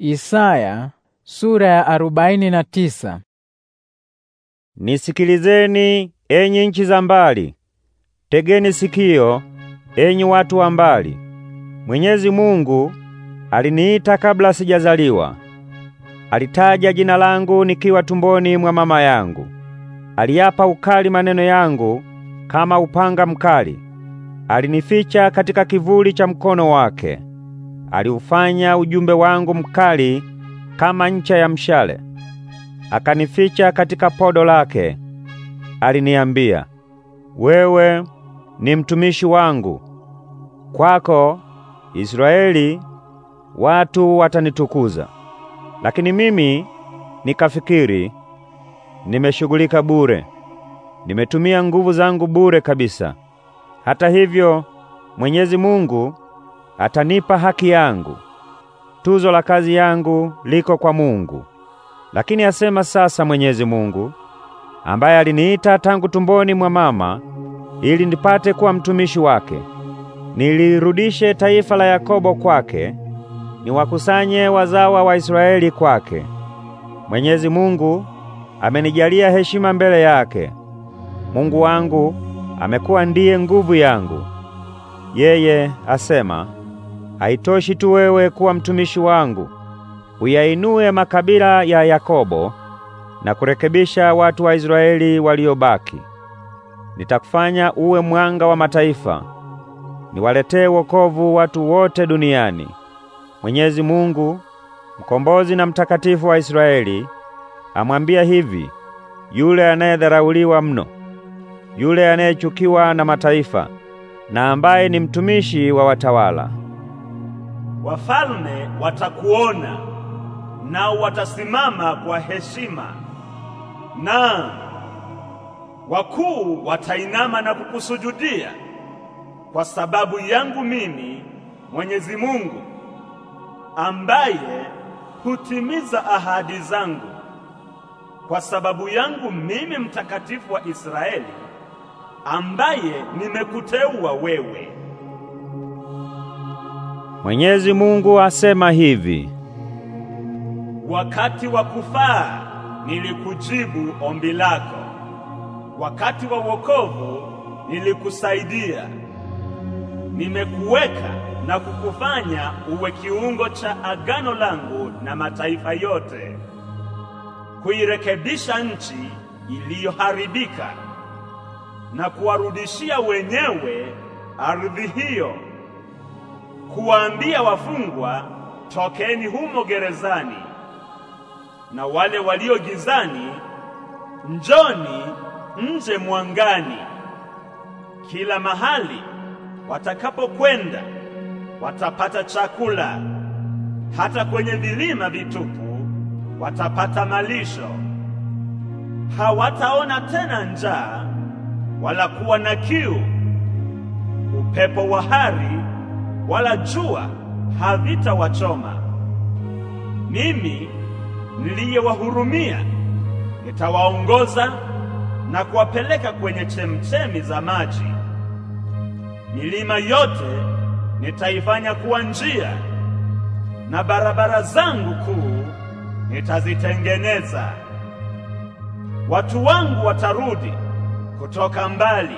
Isaya sura ya arobaini na tisa. Nisikilizeni enyi nchi za mbali, tegeni sikio enyi watu wa mbali. Mwenyezi Mungu aliniita kabla sijazaliwa, alitaja jina langu nikiwa tumboni mwa mama yangu. Aliapa ukali maneno yangu kama upanga mkali, alinificha katika kivuli cha mkono wake aliufanya ujumbe wangu mkali kama ncha ya mshale, akanificha katika podo lake. Aliniambia, wewe ni mtumishi wangu, kwako Israeli watu watanitukuza. Lakini mimi nikafikiri, nimeshughulika bure, nimetumia nguvu zangu bure kabisa. Hata hivyo Mwenyezi Mungu atanipa haki yangu. Tuzo la kazi yangu liko kwa Mungu. Lakini asema sasa Mwenyezi Mungu ambaye aliniita tangu tumboni mwa mama ili nipate kuwa mtumishi wake, nilirudishe taifa la Yakobo kwake, niwakusanye wazawa wa Israeli kwake. Mwenyezi Mungu amenijalia heshima mbele yake. Mungu wangu amekuwa ndiye nguvu yangu. Yeye asema Haitoshi tu wewe kuwa mtumishi wangu, uyainue makabila ya Yakobo na kurekebisha watu wa Israeli waliobaki. Nitakufanya uwe mwanga wa mataifa, niwaletee wokovu watu wote duniani. Mwenyezi Mungu, mkombozi na mtakatifu wa Israeli, amwambia hivi yule anayedharauliwa mno, yule anayechukiwa na mataifa, na ambaye ni mtumishi wa watawala wafalme watakuona nao watasimama kwa heshima, na wakuu watainama na kukusujudia kwa sababu yangu mimi Mwenyezi Mungu ambaye hutimiza ahadi zangu. Kwa sababu yangu mimi mtakatifu wa Israeli ambaye nimekuteua wewe. Mwenyezi Mungu asema hivi: wakati wa kufaa nilikujibu ombi lako, wakati wa wokovu nilikusaidia. Nimekuweka na kukufanya uwe kiungo cha agano langu na mataifa yote, kuirekebisha nchi iliyoharibika na kuwarudishia wenyewe ardhi hiyo kuwaambia wafungwa, tokeni humo gerezani, na wale walio gizani, njoni nje mwangani. Kila mahali watakapokwenda watapata chakula, hata kwenye vilima vitupu watapata malisho. Hawataona tena njaa wala kuwa na kiu. Upepo wa hari wala jua havitawachoma. Mimi niliyewahurumia nitawaongoza na kuwapeleka kwenye chemchemi za maji. Milima yote nitaifanya kuwa njia, na barabara zangu kuu nitazitengeneza. Watu wangu watarudi kutoka mbali,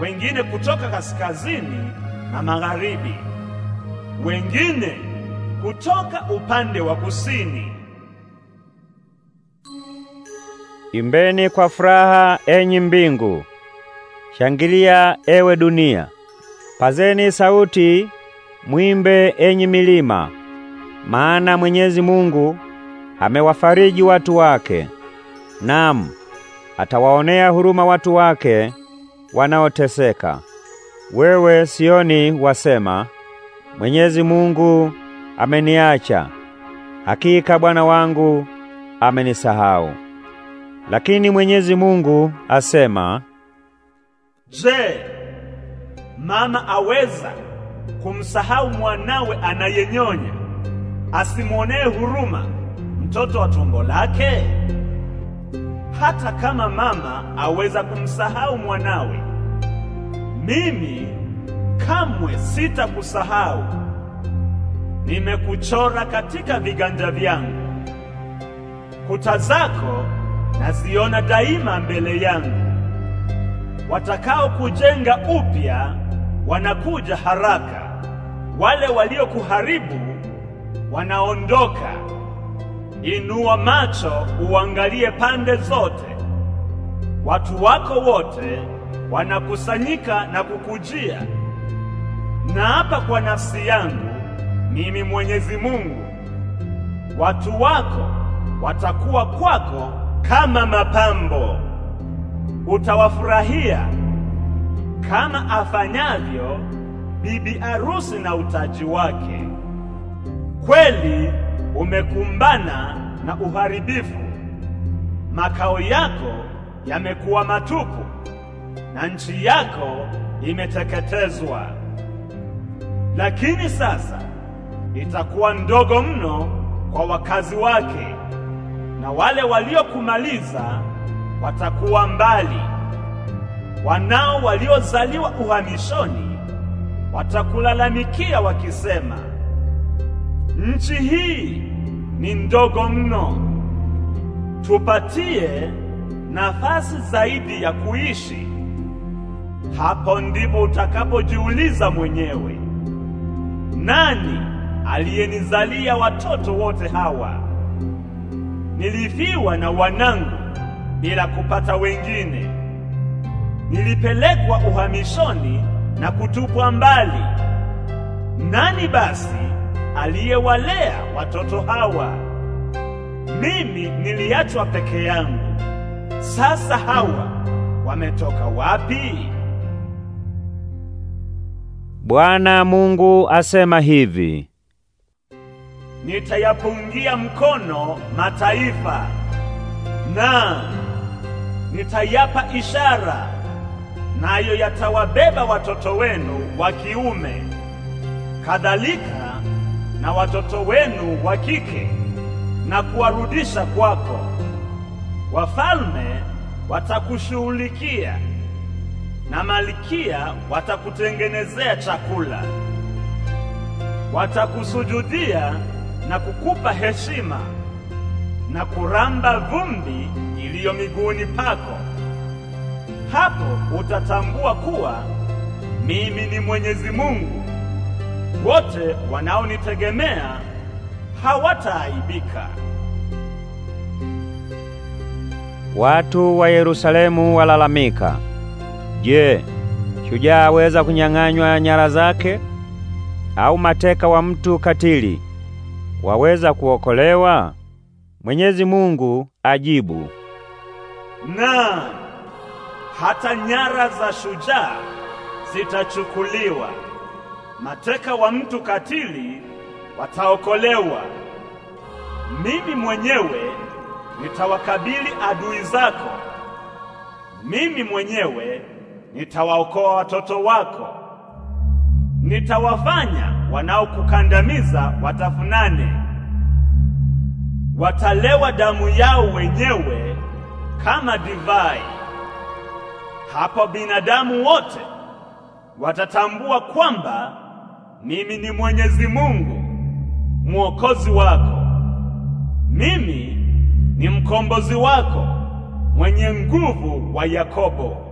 wengine kutoka kaskazini na magharibi, wengine kutoka upande wa kusini. Imbeni kwa furaha, enyi mbingu, shangilia ewe dunia. Pazeni sauti, mwimbe enyi milima, maana Mwenyezi Mungu amewafariji watu wake. Naam, atawaonea huruma watu wake wanaoteseka. Wewe Sioni wasema, Mwenyezi Mungu ameniacha, hakika Bwana wangu amenisahau. Lakini Mwenyezi Mungu asema, Je, mama aweza kumsahau mwanawe anayenyonya, asimwonee huruma mtoto wa tumbo lake? Hata kama mama aweza kumsahau mwanawe mimi kamwe sitakusahau, nimekuchora katika viganja vyangu, kuta zako naziona daima mbele yangu. Watakaokujenga upya wanakuja haraka, wale waliokuharibu wanaondoka. Inua macho uangalie pande zote, watu wako wote wanakusanyika na kukujia. Na hapa kwa nafsi yangu mimi Mwenyezi Mungu, watu wako watakuwa kwako kama mapambo, utawafurahia kama afanyavyo bibi arusi na utaji wake. Kweli umekumbana na uharibifu, makao yako yamekuwa matupu na nchi yako imeteketezwa. Lakini sasa itakuwa ndogo mno kwa wakazi wake, na wale waliokumaliza watakuwa mbali. Wanao waliozaliwa uhamishoni watakulalamikia wakisema, nchi hii ni ndogo mno, tupatie nafasi zaidi ya kuishi. Hapo ndipo utakapojiuliza mwenyewe, nani aliyenizalia watoto wote hawa? Nilifiwa na wanangu bila kupata wengine, nilipelekwa uhamishoni na kutupwa mbali. Nani basi aliyewalea watoto hawa? Mimi niliachwa peke yangu. Sasa hawa wametoka wapi? Bwana Mungu asema hivi: nitayapungia mkono mataifa na nitayapa ishara, nayo yatawabeba watoto wenu wa kiume kadhalika na watoto wenu wa kike na kuwarudisha kwako. Wafalme watakushughulikia na malkia watakutengenezea chakula, watakusujudia na kukupa heshima na kuramba vumbi iliyo miguuni pako. Hapo utatambua kuwa mimi ni Mwenyezi Mungu. Wote wanaonitegemea hawataaibika. Watu wa Yerusalemu walalamika. Je, shujaa aweza kunyang'anywa nyara zake? Au mateka wa mtu katili waweza kuokolewa? Mwenyezi Mungu ajibu, na hata nyara za shujaa zitachukuliwa, mateka wa mtu katili wataokolewa. Mimi mwenyewe nitawakabili adui zako, mimi mwenyewe nitawaokoa watoto wako, nitawafanya wanaokukandamiza watafunane, watalewa damu yao wenyewe kama divai. Hapo binadamu wote watatambua kwamba mimi ni Mwenyezi Mungu Mwokozi wako, mimi ni mkombozi wako mwenye nguvu wa Yakobo.